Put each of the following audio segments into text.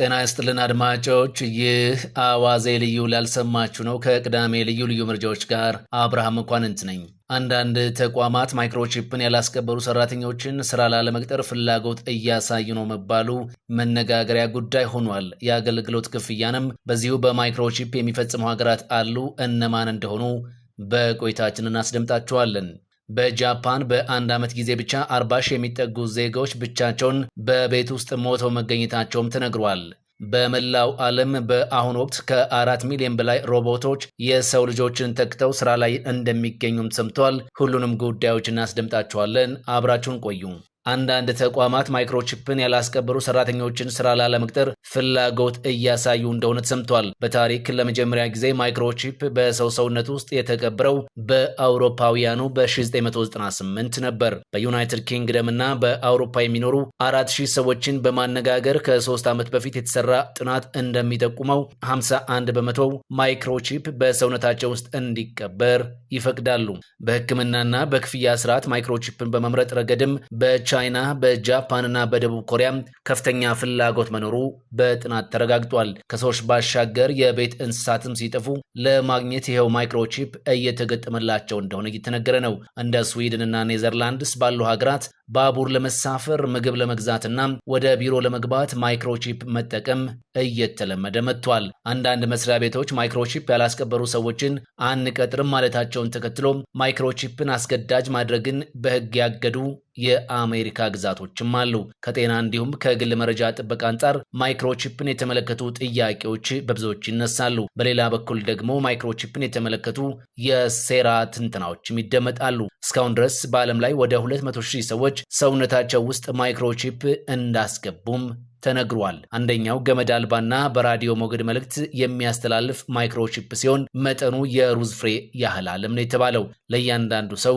ጤና ይስጥልን አድማጮች፣ ይህ አዋዜ ልዩ ላልሰማችሁ ነው። ከቅዳሜ ልዩ ልዩ መረጃዎች ጋር አብርሃም እንኳንንት ነኝ። አንዳንድ ተቋማት ማይክሮቺፕን ያላስቀበሩ ሰራተኞችን ስራ ላለመቅጠር ፍላጎት እያሳዩ ነው መባሉ መነጋገሪያ ጉዳይ ሆኗል። የአገልግሎት ክፍያንም በዚሁ በማይክሮቺፕ የሚፈጽሙ ሀገራት አሉ። እነማን እንደሆኑ በቆይታችን እናስደምጣችኋለን። በጃፓን በአንድ ዓመት ጊዜ ብቻ አርባ ሺህ የሚጠጉ ዜጋዎች ብቻቸውን በቤት ውስጥ ሞተው መገኘታቸውም ተነግሯል። በመላው ዓለም በአሁኑ ወቅት ከአራት ሚሊዮን በላይ ሮቦቶች የሰው ልጆችን ተክተው ስራ ላይ እንደሚገኙም ሰምቷል። ሁሉንም ጉዳዮች እናስደምጣቸዋለን። አብራችሁን ቆዩ። አንዳንድ ተቋማት ማይክሮቺፕን ያላስቀበሩ ሰራተኞችን ስራ ላለመቅጠር ፍላጎት እያሳዩ እንደሆነ ተሰምቷል። በታሪክ ለመጀመሪያ ጊዜ ማይክሮቺፕ በሰው ሰውነት ውስጥ የተቀበረው በአውሮፓውያኑ በ1998 ነበር። በዩናይትድ ኪንግደም እና በአውሮፓ የሚኖሩ አራት ሺህ ሰዎችን በማነጋገር ከሶስት ዓመት በፊት የተሰራ ጥናት እንደሚጠቁመው 51 በመቶው ማይክሮቺፕ በሰውነታቸው ውስጥ እንዲቀበር ይፈቅዳሉ። በሕክምናና በክፍያ ስርዓት ማይክሮቺፕን በመምረጥ ረገድም በቻ በቻይና በጃፓንና በደቡብ ኮሪያ ከፍተኛ ፍላጎት መኖሩ በጥናት ተረጋግጧል። ከሰዎች ባሻገር የቤት እንስሳትም ሲጠፉ ለማግኘት ይኸው ማይክሮቺፕ እየተገጠመላቸው እንደሆነ እየተነገረ ነው። እንደ ስዊድንና ኔዘርላንድስ ባሉ ሀገራት ባቡር ለመሳፈር ምግብ ለመግዛትና ወደ ቢሮ ለመግባት ማይክሮቺፕ መጠቀም እየተለመደ መጥቷል። አንዳንድ መስሪያ ቤቶች ማይክሮቺፕ ያላስቀበሩ ሰዎችን አንቀጥርም ማለታቸውን ተከትሎ ማይክሮቺፕን አስገዳጅ ማድረግን በሕግ ያገዱ የአሜሪካ ግዛቶችም አሉ። ከጤና እንዲሁም ከግል መረጃ ጥበቃ አንጻር ማይክሮቺፕን የተመለከቱ ጥያቄዎች በብዙዎች ይነሳሉ። በሌላ በኩል ደግሞ ማይክሮቺፕን የተመለከቱ የሴራ ትንትናዎችም ይደመጣሉ። እስካሁን ድረስ በዓለም ላይ ወደ 200 ሺህ ሰዎች ሰዎች ሰውነታቸው ውስጥ ማይክሮቺፕ እንዳስገቡም ተነግሯል። አንደኛው ገመድ አልባና በራዲዮ ሞገድ መልእክት የሚያስተላልፍ ማይክሮቺፕ ሲሆን መጠኑ የሩዝ ፍሬ ያህል አለም ነው የተባለው ለእያንዳንዱ ሰው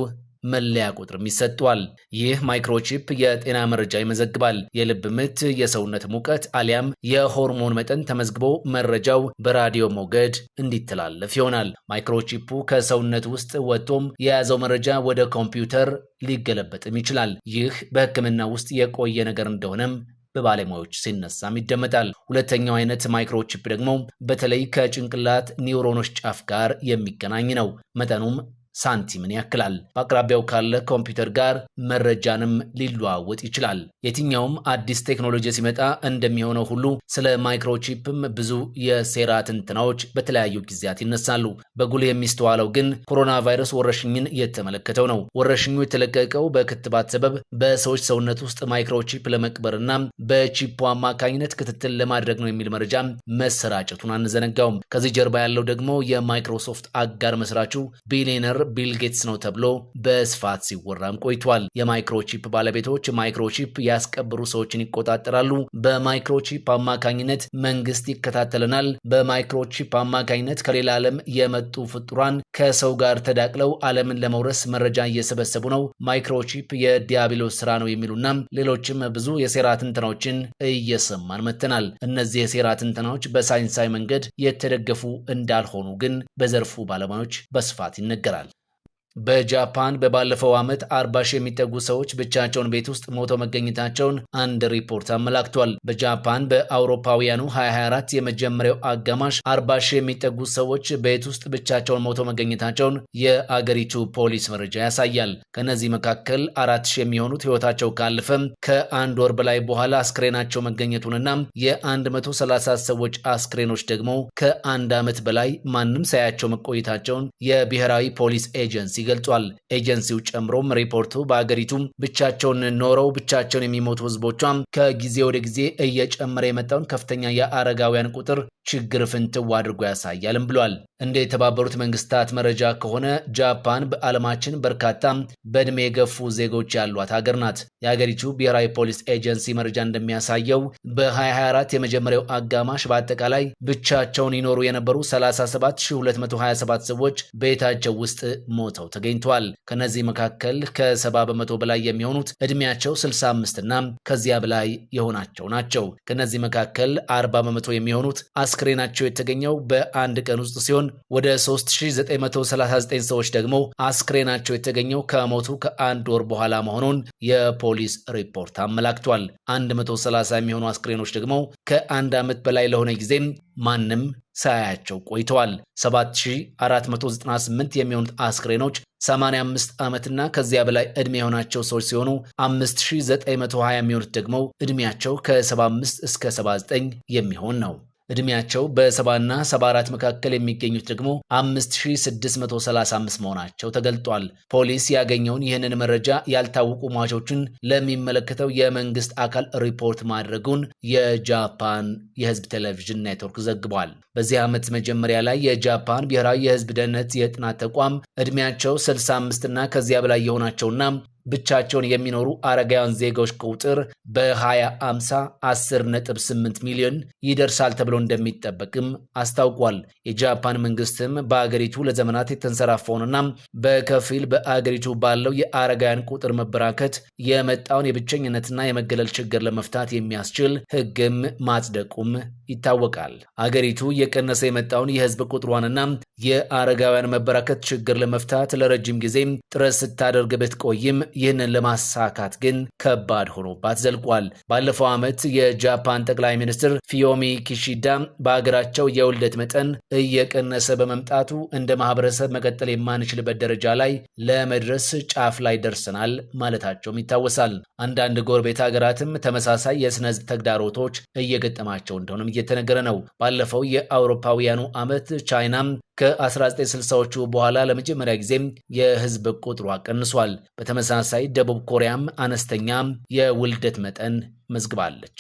መለያ ቁጥርም ይሰጧል። ይህ ማይክሮቺፕ የጤና መረጃ ይመዘግባል። የልብ ምት፣ የሰውነት ሙቀት አሊያም የሆርሞን መጠን ተመዝግቦ መረጃው በራዲዮ ሞገድ እንዲተላለፍ ይሆናል። ማይክሮቺፑ ከሰውነት ውስጥ ወጥቶም የያዘው መረጃ ወደ ኮምፒውተር ሊገለበጥም ይችላል። ይህ በሕክምና ውስጥ የቆየ ነገር እንደሆነም በባለሙያዎች ሲነሳም ይደመጣል። ሁለተኛው አይነት ማይክሮቺፕ ደግሞ በተለይ ከጭንቅላት ኒውሮኖች ጫፍ ጋር የሚገናኝ ነው። መጠኑም ሳንቲምን ያክላል። በአቅራቢያው ካለ ኮምፒውተር ጋር መረጃንም ሊለዋወጥ ይችላል። የትኛውም አዲስ ቴክኖሎጂ ሲመጣ እንደሚሆነው ሁሉ ስለ ማይክሮቺፕም ብዙ የሴራ ትንትናዎች በተለያዩ ጊዜያት ይነሳሉ። በጉልህ የሚስተዋለው ግን ኮሮና ቫይረስ ወረርሽኝን የተመለከተው ነው። ወረርሽኙ የተለቀቀው በክትባት ሰበብ በሰዎች ሰውነት ውስጥ ማይክሮቺፕ ለመቅበርና በቺፑ አማካኝነት ክትትል ለማድረግ ነው የሚል መረጃ መሰራጨቱን አንዘነጋውም። ከዚህ ጀርባ ያለው ደግሞ የማይክሮሶፍት አጋር መስራቹ ቢሊነር ቢል ጌትስ ነው ተብሎ በስፋት ሲወራም ቆይቷል። የማይክሮቺፕ ባለቤቶች ማይክሮቺፕ ያስቀብሩ ሰዎችን ይቆጣጠራሉ። በማይክሮቺፕ አማካኝነት መንግስት ይከታተለናል። በማይክሮቺፕ አማካኝነት ከሌላ ዓለም የመጡ ፍጡራን ከሰው ጋር ተዳቅለው ዓለምን ለመውረስ መረጃ እየሰበሰቡ ነው። ማይክሮቺፕ የዲያብሎስ ስራ ነው የሚሉና ሌሎችም ብዙ የሴራ ትንተናዎችን እየሰማን መተናል። እነዚህ የሴራ ትንተናዎች በሳይንሳዊ መንገድ የተደገፉ እንዳልሆኑ ግን በዘርፉ ባለሙያዎች በስፋት ይነገራል። በጃፓን በባለፈው ዓመት አርባ ሺህ የሚጠጉ ሰዎች ብቻቸውን ቤት ውስጥ ሞተው መገኘታቸውን አንድ ሪፖርት አመላክቷል። በጃፓን በአውሮፓውያኑ 2024 የመጀመሪያው አጋማሽ አርባ ሺህ የሚጠጉ ሰዎች ቤት ውስጥ ብቻቸውን ሞተው መገኘታቸውን የአገሪቱ ፖሊስ መረጃ ያሳያል። ከእነዚህ መካከል አራት ሺህ የሚሆኑት ሕይወታቸው ካለፈም ከአንድ ወር በላይ በኋላ አስክሬናቸው መገኘቱንና የ130 ሰዎች አስክሬኖች ደግሞ ከአንድ ዓመት በላይ ማንም ሳያቸው መቆየታቸውን የብሔራዊ ፖሊስ ኤጀንሲ ኤጀንሲ ገልጿል። ኤጀንሲው ጨምሮም ሪፖርቱ በአገሪቱም ብቻቸውን ኖረው ብቻቸውን የሚሞቱ ህዝቦቿ ከጊዜ ወደ ጊዜ እየጨመረ የመጣውን ከፍተኛ የአረጋውያን ቁጥር ችግር ፍንትው አድርጎ ያሳያልም ብሏል። እንደ የተባበሩት መንግስታት መረጃ ከሆነ ጃፓን በዓለማችን በርካታ በእድሜ የገፉ ዜጎች ያሏት ሀገር ናት። የሀገሪቱ ብሔራዊ ፖሊስ ኤጀንሲ መረጃ እንደሚያሳየው በ2024 የመጀመሪያው አጋማሽ በአጠቃላይ ብቻቸውን ይኖሩ የነበሩ 37227 ሰዎች ቤታቸው ውስጥ ሞተው ተገኝተዋል። ከነዚህ መካከል ከ70 በመቶ በላይ የሚሆኑት እድሜያቸው 65 እና ከዚያ በላይ የሆናቸው ናቸው። ከነዚህ መካከል 40 በመቶ የሚሆኑት አስክሬናቸው የተገኘው በአንድ ቀን ውስጥ ሲሆን ወደ 3939 ሰዎች ደግሞ አስክሬናቸው የተገኘው ከሞቱ ከአንድ ወር በኋላ መሆኑን የፖሊስ ሪፖርት አመላክቷል። 130 የሚሆኑ አስክሬኖች ደግሞ ከአንድ ዓመት በላይ ለሆነ ጊዜም ማንም ሳያቸው ቆይተዋል። 7498 የሚሆኑት አስክሬኖች 85 ዓመትና ከዚያ በላይ ዕድሜ የሆናቸው ሰዎች ሲሆኑ 5920 የሚሆኑት ደግሞ ዕድሜያቸው ከ75 እስከ 79 የሚሆን ነው። ዕድሜያቸው በሰባና ሰባ አራት መካከል የሚገኙት ደግሞ 5635 መሆናቸው ተገልጧል። ፖሊስ ያገኘውን ይህንን መረጃ ያልታወቁ ሟቾችን ለሚመለከተው የመንግስት አካል ሪፖርት ማድረጉን የጃፓን የህዝብ ቴሌቪዥን ኔትወርክ ዘግቧል። በዚህ ዓመት መጀመሪያ ላይ የጃፓን ብሔራዊ የህዝብ ደህንነት የጥናት ተቋም ዕድሜያቸው 65 እና ከዚያ በላይ የሆናቸውና ብቻቸውን የሚኖሩ አረጋውያን ዜጋዎች ቁጥር በ2050 10.8 ሚሊዮን ይደርሳል ተብሎ እንደሚጠበቅም አስታውቋል። የጃፓን መንግስትም በአገሪቱ ለዘመናት የተንሰራፈውንና በከፊል በአገሪቱ ባለው የአረጋውያን ቁጥር መበራከት የመጣውን የብቸኝነትና የመገለል ችግር ለመፍታት የሚያስችል ህግም ማጽደቁም ይታወቃል። አገሪቱ የቀነሰ የመጣውን የህዝብ ቁጥሯንና የአረጋውያን መበራከት ችግር ለመፍታት ለረጅም ጊዜ ጥረት ስታደርግ ብትቆይም ይህንን ለማሳካት ግን ከባድ ሆኖባት ዘልቋል። ባለፈው ዓመት የጃፓን ጠቅላይ ሚኒስትር ፊዮሚ ኪሺዳ በሀገራቸው የውልደት መጠን እየቀነሰ በመምጣቱ እንደ ማህበረሰብ መቀጠል የማንችልበት ደረጃ ላይ ለመድረስ ጫፍ ላይ ደርሰናል ማለታቸውም ይታወሳል። አንዳንድ ጎረቤት ሀገራትም ተመሳሳይ የስነ ህዝብ ተግዳሮቶች እየገጠማቸው እንደሆነም እየተነገረ ነው። ባለፈው የአውሮፓውያኑ ዓመት ቻይናም ከ1960ዎቹ በኋላ ለመጀመሪያ ጊዜም የህዝብ ቁጥሯ ቀንሷል። በተመሳሳይ ደቡብ ኮሪያም አነስተኛ የውልደት መጠን መዝግባለች።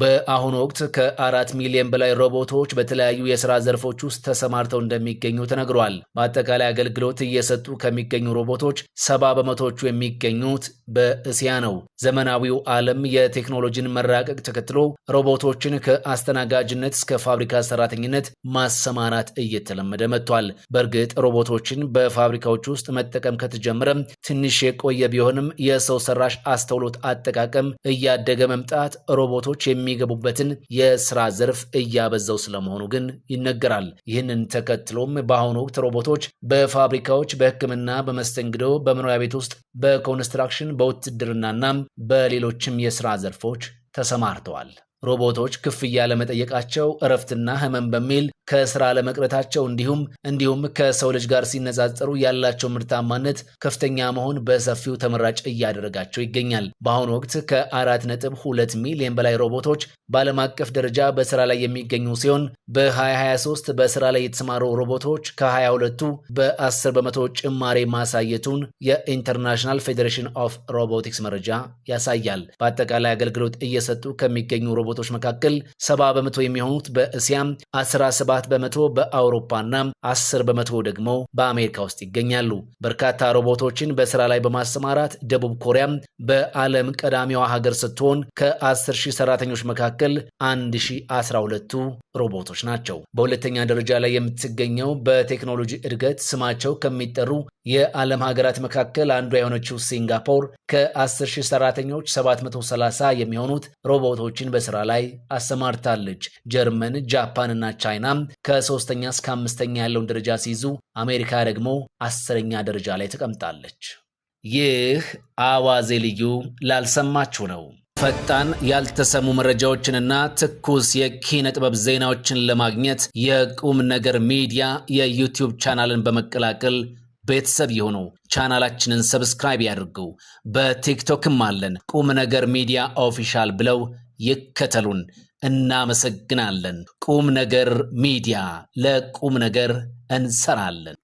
በአሁኑ ወቅት ከአራት ሚሊዮን በላይ ሮቦቶች በተለያዩ የስራ ዘርፎች ውስጥ ተሰማርተው እንደሚገኙ ተነግሯል። በአጠቃላይ አገልግሎት እየሰጡ ከሚገኙ ሮቦቶች ሰባ በመቶዎቹ የሚገኙት በእስያ ነው። ዘመናዊው ዓለም የቴክኖሎጂን መራቀቅ ተከትሎ ሮቦቶችን ከአስተናጋጅነት እስከ ፋብሪካ ሰራተኝነት ማሰማራት እየተለመደ መጥቷል። በእርግጥ ሮቦቶችን በፋብሪካዎች ውስጥ መጠቀም ከተጀመረ ትንሽ የቆየ ቢሆንም የሰው ሰራሽ አስተውሎት አጠቃቀም እያደገ መምጣት ሮቦቶች የሚገቡበትን የስራ ዘርፍ እያበዛው ስለመሆኑ ግን ይነገራል። ይህንን ተከትሎም በአሁኑ ወቅት ሮቦቶች በፋብሪካዎች፣ በሕክምና፣ በመስተንግዶ፣ በመኖሪያ ቤት ውስጥ፣ በኮንስትራክሽን፣ በውትድርናና በሌሎችም የስራ ዘርፎች ተሰማርተዋል። ሮቦቶች ክፍያ ለመጠየቃቸው እረፍትና ህመም በሚል ከስራ ለመቅረታቸው እንዲሁም እንዲሁም ከሰው ልጅ ጋር ሲነጻጸሩ ያላቸው ምርታማነት ከፍተኛ መሆን በሰፊው ተመራጭ እያደረጋቸው ይገኛል። በአሁኑ ወቅት ከአራት ነጥብ ሁለት ሚሊዮን በላይ ሮቦቶች በዓለም አቀፍ ደረጃ በስራ ላይ የሚገኙ ሲሆን በ2023 በስራ ላይ የተሰማሩ ሮቦቶች ከ22ቱ በ10 በመቶ ጭማሬ ማሳየቱን የኢንተርናሽናል ፌዴሬሽን ኦፍ ሮቦቲክስ መረጃ ያሳያል። በአጠቃላይ አገልግሎት እየሰጡ ከሚገኙ ሮቦ ፍላጎቶች መካከል ሰባ በመቶ የሚሆኑት በእስያም 17 በመቶ በአውሮፓና 10 በመቶ ደግሞ በአሜሪካ ውስጥ ይገኛሉ። በርካታ ሮቦቶችን በስራ ላይ በማሰማራት ደቡብ ኮሪያ በዓለም ቀዳሚዋ ሀገር ስትሆን ከ10 ሺህ ሰራተኞች መካከል 1012ቱ ሮቦቶች ናቸው። በሁለተኛ ደረጃ ላይ የምትገኘው በቴክኖሎጂ እድገት ስማቸው ከሚጠሩ የዓለም ሀገራት መካከል አንዷ የሆነችው ሲንጋፖር ከ10 ሺህ ሰራተኞች 730 የሚሆኑት ሮቦቶችን በስራ ላይ አሰማርታለች። ጀርመን፣ ጃፓን እና ቻይና ከሶስተኛ እስከ አምስተኛ ያለውን ደረጃ ሲይዙ አሜሪካ ደግሞ አስረኛ ደረጃ ላይ ተቀምጣለች። ይህ አዋዜ ልዩ ላልሰማችሁ ነው። ፈጣን ያልተሰሙ መረጃዎችንና ትኩስ የኪነ ጥበብ ዜናዎችን ለማግኘት የቁም ነገር ሚዲያ የዩቲዩብ ቻናልን በመቀላቀል ቤተሰብ የሆኑ ቻናላችንን ሰብስክራይብ ያድርጉ። በቲክቶክም አለን። ቁም ነገር ሚዲያ ኦፊሻል ብለው ይከተሉን። እናመሰግናለን። ቁም ነገር ሚዲያ ለቁም ነገር እንሰራለን።